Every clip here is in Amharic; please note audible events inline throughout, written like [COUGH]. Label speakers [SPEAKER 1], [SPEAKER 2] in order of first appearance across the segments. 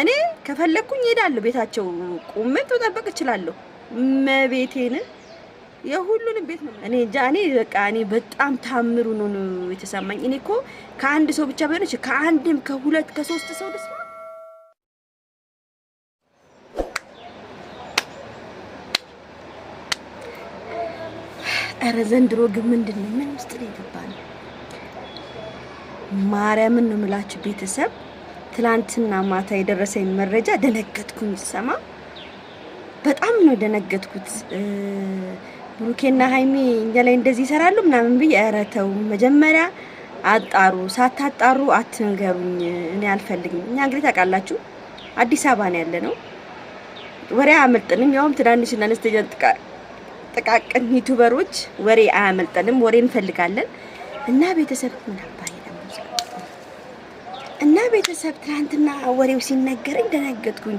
[SPEAKER 1] እኔ ከፈለግኩኝ እሄዳለሁ ቤታቸው ቁመት ተጠበቅ እችላለሁ። መቤቴን የሁሉንም ቤት ነው። እኔ እንጃ እኔ በቃ እኔ በጣም ታምሩ ነው የተሰማኝ። እኔ እኮ ከአንድ ሰው ብቻ ባይሆን ከአንድም ከሁለት ከሶስት ሰው ደስ ኧረ ዘንድሮ ግን ምንድን ነው ምን ውስጥ ነው የገባ ነው? ማርያምን ነው የምላችሁ ቤተሰብ ትላንትና ማታ የደረሰኝ መረጃ ደነገጥኩኝ። ሰማ በጣም ነው ደነገጥኩት። ብሩኬና ሀይሚ እኛ ላይ እንደዚህ ይሰራሉ ምናምን ብዬ ኧረ ተው፣ መጀመሪያ አጣሩ፣ ሳታጣሩ አትንገሩኝ፣ እኔ አልፈልግም። እኛ እንግዲህ ታውቃላችሁ አዲስ አበባ ነው ያለ ነው፣ ወሬ አያመልጥንም። ያውም ትናንሽና አነስተኛ ጥቃቅን ዩቱበሮች ወሬ አያመልጠንም፣ ወሬ እንፈልጋለን እና ቤተሰብ ምን እና ቤተሰብ ትናንትና ወሬው ሲነገረኝ ደነገጥኩኝ።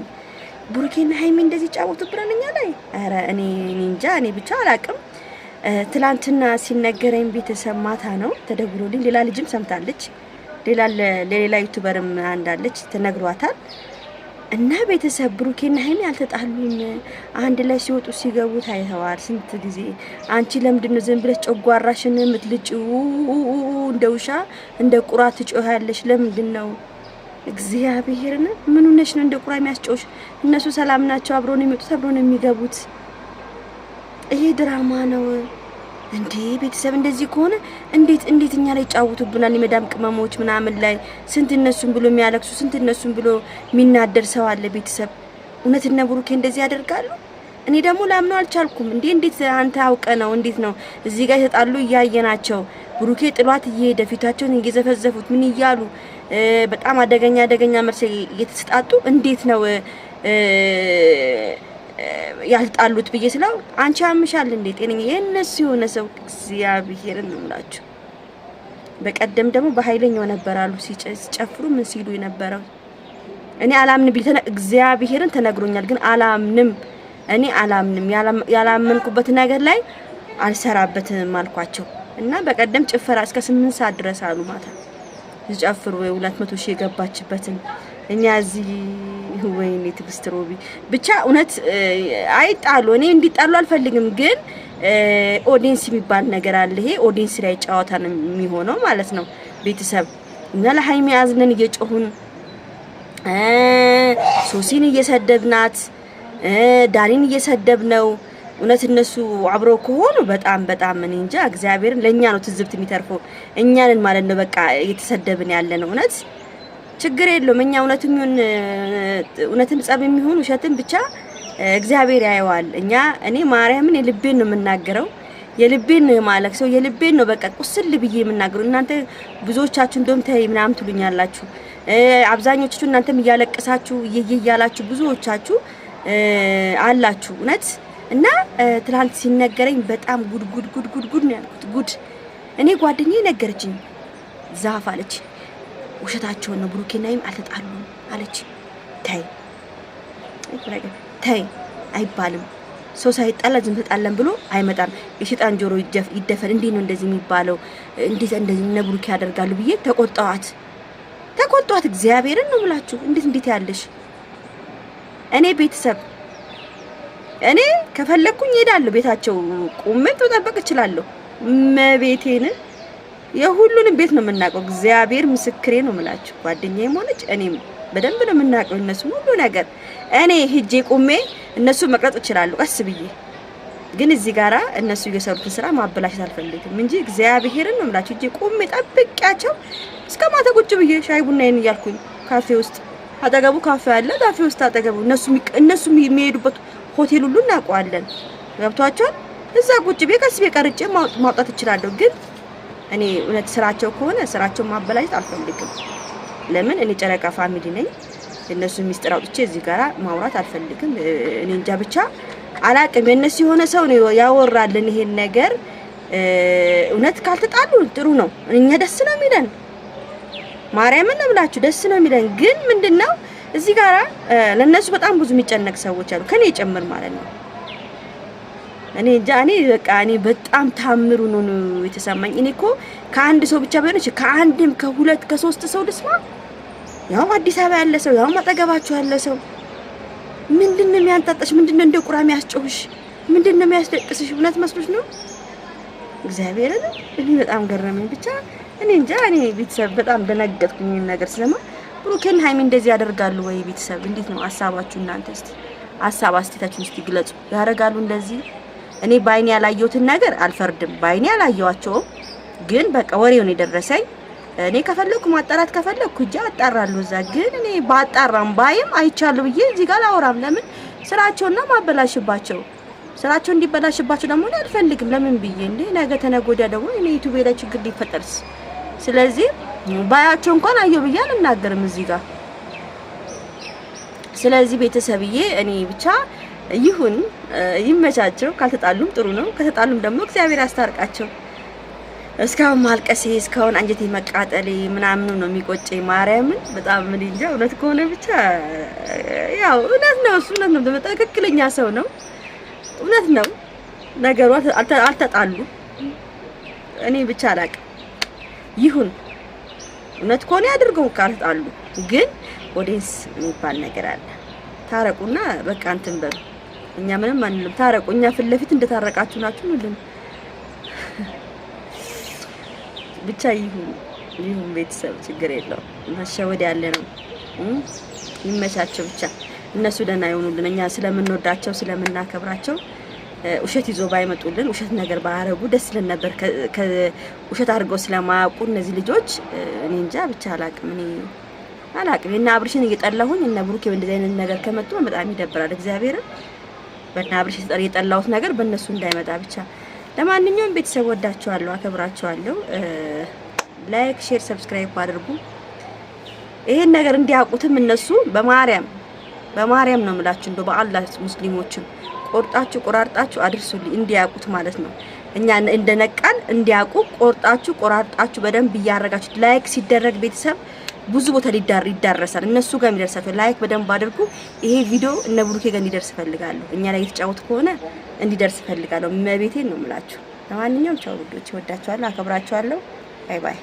[SPEAKER 1] ብሩኬና ሀይሚ እንደዚህ ጫወቱ ብረንኛ ላይ። ኧረ እኔ እንጃ እኔ ብቻ አላቅም። ትናንትና ሲነገረኝ ቤተሰብ ማታ ነው ተደውሎልኝ፣ ሌላ ልጅም ሰምታለች፣ ሌላ ለሌላ ዩቱበርም አንዳለች ተነግሯታል። እና ቤተሰብ ብሩኬና ሀይሚ አልተጣሉም፣ አንድ ላይ ሲወጡ ሲገቡ ታይተዋል። ስንት ጊዜ አንቺ ለምንድን ነው ዝም ብለሽ ጨጓራሽን የምትልጭው እንደ ውሻ እንደ ቁራ ትጮያለሽ ለምንድን ነው? እግዚአብሔርን ምን ነሽ ነው እንደ ቁራ የሚያስጮሽ? እነሱ ሰላም ናቸው። አብሮ ነው የሚወጡት፣ አብሮ ነው የሚገቡት። ይሄ ድራማ ነው እንዴ? ቤተሰብ እንደዚህ ከሆነ እንዴት እንዴት እኛ ላይ ይጫወቱብናል? የመዳም ቅመሞች ምናምን ላይ ስንት እነሱን ብሎ የሚያለቅሱ ስንት እነሱን ብሎ የሚናደር ሰው አለ። ቤተሰብ እውነት እነ ብሩኬ እንደዚህ ያደርጋሉ? እኔ ደግሞ ላምነው አልቻልኩም። እንዴ እንዴት አንተ አውቀ ነው? እንዴት ነው እዚህ ጋር የተጣሉ እያየናቸው ብሩኬ ጥሏት እየሄደ ፊታቸውን እየዘፈዘፉት ምን እያሉ በጣም አደገኛ አደገኛ መልስ እየተሰጣጡ እንዴት ነው ያልጣሉት ብዬ ስለው አንቺ አምሻል እንዴ ጤነኛ የእነሱ የሆነ ሰው እግዚአብሔርን ነው በቀደም ደግሞ በኃይለኛው ነበር አሉ ሲጨፍሩ ምን ሲሉ የነበረው እኔ አላምን ቢል እግዚአብሔርን ተነግሮኛል፣ ግን አላምንም እኔ አላምንም፣ ያላመንኩበት ነገር ላይ አልሰራበትም አልኳቸው እና በቀደም ጭፈራ እስከ ስምንት ሰዓት ድረስ አሉ ማታ ሲጨፍሩ ወይ 200 ሺህ የገባችበትን እኛ እዚህ [LAUGHS] ወይኔ ትግስት ሮቢ ብቻ እውነት አይጣሉ። እኔ እንዲጣሉ አልፈልግም፣ ግን ኦዲንስ የሚባል ነገር አለ። ይሄ ኦዲንስ ላይ ጨዋታ ነው የሚሆነው ማለት ነው። ቤተሰብ እና ለሀይሚ አዝነን እየጮሁን ሶሲን እየሰደብናት ዳኒን እየሰደብ ነው። እውነት እነሱ አብሮ ከሆኑ በጣም በጣም እኔ እንጃ። እግዚአብሔርን ለእኛ ነው ትዝብት የሚተርፈው እኛንን ማለት ነው። በቃ እየተሰደብን ያለ ነው። እውነት ችግር የለውም። እኛ እውነትም ይሁን እውነትም ጸብ የሚሆን ውሸትም ብቻ እግዚአብሔር ያየዋል። እኛ እኔ ማርያምን የልቤን ነው የምናገረው የልቤን ነው የማለክ ሰው የልቤን ነው በቃ ቁስል ብዬ የምናገረው። እናንተ ብዙዎቻችሁ እንደውም ተይ ምናምን ትሉኛላችሁ። አብዛኞቻችሁ እናንተም እያለቀሳችሁ እየየ እያላችሁ ብዙዎቻችሁ አላችሁ እውነት። እና ትላንት ሲነገረኝ በጣም ጉድ ጉድ ጉድ ጉድ ጉድ ነው ያልኩት። ጉድ እኔ ጓደኛዬ ነገረችኝ። ዛፍ አለች ውሸታቸውን ነው ብሩኬናይም አልተጣሉም አለች። ተይ ተይ አይባልም። ሰው ሳይጣላ ዝም ተጣላን ብሎ አይመጣም። የሸጣን ጆሮ ይደፈን። እንዴት ነው እንደዚህ የሚባለው? እንዴት እንደዚህ ነብሩክ ያደርጋሉ ብዬ ተቆጣዋት ተቆጣዋት። እግዚአብሔርን ነው ብላችሁ እንዴት እንዴት ያለሽ እኔ ቤተሰብ እኔ ከፈለግኩኝ እሄዳለሁ፣ ቤታቸው ቁሜ ተጠበቅ እችላለሁ። መቤቴን የሁሉንም ቤት ነው የምናውቀው። እግዚአብሔር ምስክሬ ነው የምላቸው። ጓደኛዬም ሆነች እኔም በደንብ ነው የምናውቀው እነሱ ሁሉ ነገር። እኔ ሂጄ ቁሜ እነሱ መቅረጽ እችላለሁ ቀስ ብዬ ግን እዚህ ጋራ እነሱ እየሰሩትን ስራ ማበላሸት አልፈልግም እንጂ እግዚአብሔርን ነው የምላቸው። ሂጄ ቁሜ ጠብቂያቸው እስከ ማታ ቁጭ ብዬ ሻይ ቡናዬን እያልኩኝ ካፌ ውስጥ አጠገቡ ካፌ አለ። ካፌ ውስጥ አጠገቡ እነሱ የሚሄዱበት ሆቴል ሁሉ እናውቀዋለን። ገብቷቸዋል። እዛ ቁጭ ቤ ቀስ ቀርጬ ማውጣት እችላለሁ። ግን እኔ እውነት ስራቸው ከሆነ ስራቸውን ማበላሸት አልፈልግም። ለምን እኔ ጨረቃ ፋሚሊ ነኝ። እነሱ ሚስጥር አውጥቼ እዚህ ጋራ ማውራት አልፈልግም። እኔ እንጃ ብቻ አላቅም። የእነሱ የሆነ ሰው ነው ያወራልን ይሄን ነገር። እውነት ካልተጣሉ ጥሩ ነው። እኛ ደስ ነው የሚለን ማርያምን ብላችሁ ደስ ነው የሚለን። ግን ምንድነው እዚህ ጋራ ለነሱ በጣም ብዙ የሚጨነቅ ሰዎች አሉ፣ ከኔ ጭምር ማለት ነው። እኔ እንጃ እኔ በቃ እኔ በጣም ታምሩ ነው የተሰማኝ። እኔ እኮ ከአንድ ሰው ብቻ ባይሆን እሺ፣ ከአንድም ከሁለት ከሶስት ሰው ልስማ። ያው አዲስ አበባ ያለ ሰው ያው አጠገባችሁ ያለ ሰው ምንድን ነው የሚያንጣጣሽ? ምንድን ነው እንደ ቁራ የሚያስጨውሽ? ምንድን ነው የሚያስደቅስሽ? እውነት መስሎሽ ነው እግዚአብሔርን። እኔ በጣም ገረመኝ ብቻ እኔ እንጃ። እኔ ቤተሰብ በጣም ደነገጥኩኝ ነገር ስለማ ብሩኬን ሀይሚ እንደዚህ ያደርጋሉ ወይ? ቤተሰብ እንዴት ነው ሀሳባችሁ? እናንተ እስቲ ሀሳብ አስተያየታችሁን እስቲ ግለጹ። ያደርጋሉ እንደዚህ? እኔ ባይኔ ያላየሁትን ነገር አልፈርድም። ባይኔ ያላየኋቸውም፣ ግን በቃ ወሬው ነው የደረሰኝ። እኔ ከፈለኩ ማጣራት ከፈለኩ እጃ አጣራለሁ። እዛ ግን እኔ ባጣራም ባይም አይቻለሁ ብዬ እዚህ ጋር አላወራም። ለምን ስራቸውና ማበላሽባቸው ስራቸው እንዲበላሽባቸው ደግሞ እኔ አልፈልግም። ለምን ብዬ እንዴ ነገ ተነጎዳ ወዲያ ደግሞ እኔ ዩቲዩብ ላይ ችግር ሊፈጠርስ ስለዚህ ባያቸው እንኳን አየሁ ብዬ አልናገርም እዚህ ጋር። ስለዚህ ቤተሰብዬ እኔ ብቻ ይሁን ይመቻቸው። ካልተጣሉም ጥሩ ነው፣ ከተጣሉም ደግሞ እግዚአብሔር ያስታርቃቸው። እስካሁን ማልቀሴ እስካሁን አንጀቴ መቃጠሌ ምናምኑ ነው የሚቆጨ ማርያምን በጣም ምን እንጃ። እውነት ከሆነ ብቻ ያው እውነት ነው እሱ እውነት ነው። ትክክለኛ ሰው ነው፣ እውነት ነው ነገሩ። አልተጣሉ እኔ ብቻ አላቅም። ይሁን እውነት ከሆነ ያድርገው፣ ካልጣሉ ግን ኦዲንስ የሚባል ነገር አለ። ታረቁና በቃ እንትን በሉ። እኛ ምንም አንልም፣ ታረቁ። እኛ ፊት ለፊት እንደታረቃችሁ ናችሁ። ምንም ብቻ ይሁን ይሁን፣ ቤተሰብ ችግር የለው። መሸወድ ያለ ነው። ይመቻቸው ብቻ። እነሱ ደህና ይሆኑልን፣ እኛ ስለምንወዳቸው ስለምናከብራቸው ውሸት ይዞ ባይመጡልን ውሸት ነገር ባያረጉ ደስ ልን ነበር። ውሸት አድርገው ስለማያውቁ እነዚህ ልጆች እኔ እንጃ ብቻ አላቅም። እኔ አላቅም እና አብርሽን እየጠላሁኝ እና ብሩኬ እንደዚህ አይነት ነገር ከመጡ በጣም ይደብራል። እግዚአብሔርን በና አብርሽ ጠር የጠላሁት ነገር በእነሱ እንዳይመጣ ብቻ። ለማንኛውም ቤተሰብ ወዳቸዋለሁ፣ አከብራቸዋለሁ። ላይክ፣ ሼር፣ ሰብስክራይብ አድርጉ። ይሄን ነገር እንዲያውቁትም እነሱ በማርያም በማርያም ነው የምላችሁ፣ በአላህ ሙስሊሞችም ቆርጣችሁ ቆራርጣችሁ አድርሱልኝ እንዲያውቁት ማለት ነው። እኛ እንደነቃን እንዲያውቁ ቆርጣችሁ ቆራርጣችሁ በደንብ እያረጋችሁ ላይክ ሲደረግ ቤተሰብ ብዙ ቦታ ሊዳር ይዳረሳል። እነሱ ጋር የሚደርሳቸው ላይክ በደንብ አድርጉ። ይሄ ቪዲዮ እነ ብሩኬ ጋር እንዲደርስ እፈልጋለሁ። እኛ ላይ የተጫወቱ ከሆነ እንዲደርስ እፈልጋለሁ። መቤቴን ነው የምላችሁ። ለማንኛውም ቻው ውዶች፣ እወዳችኋለሁ፣ አከብራችኋለሁ። ባይ ባይ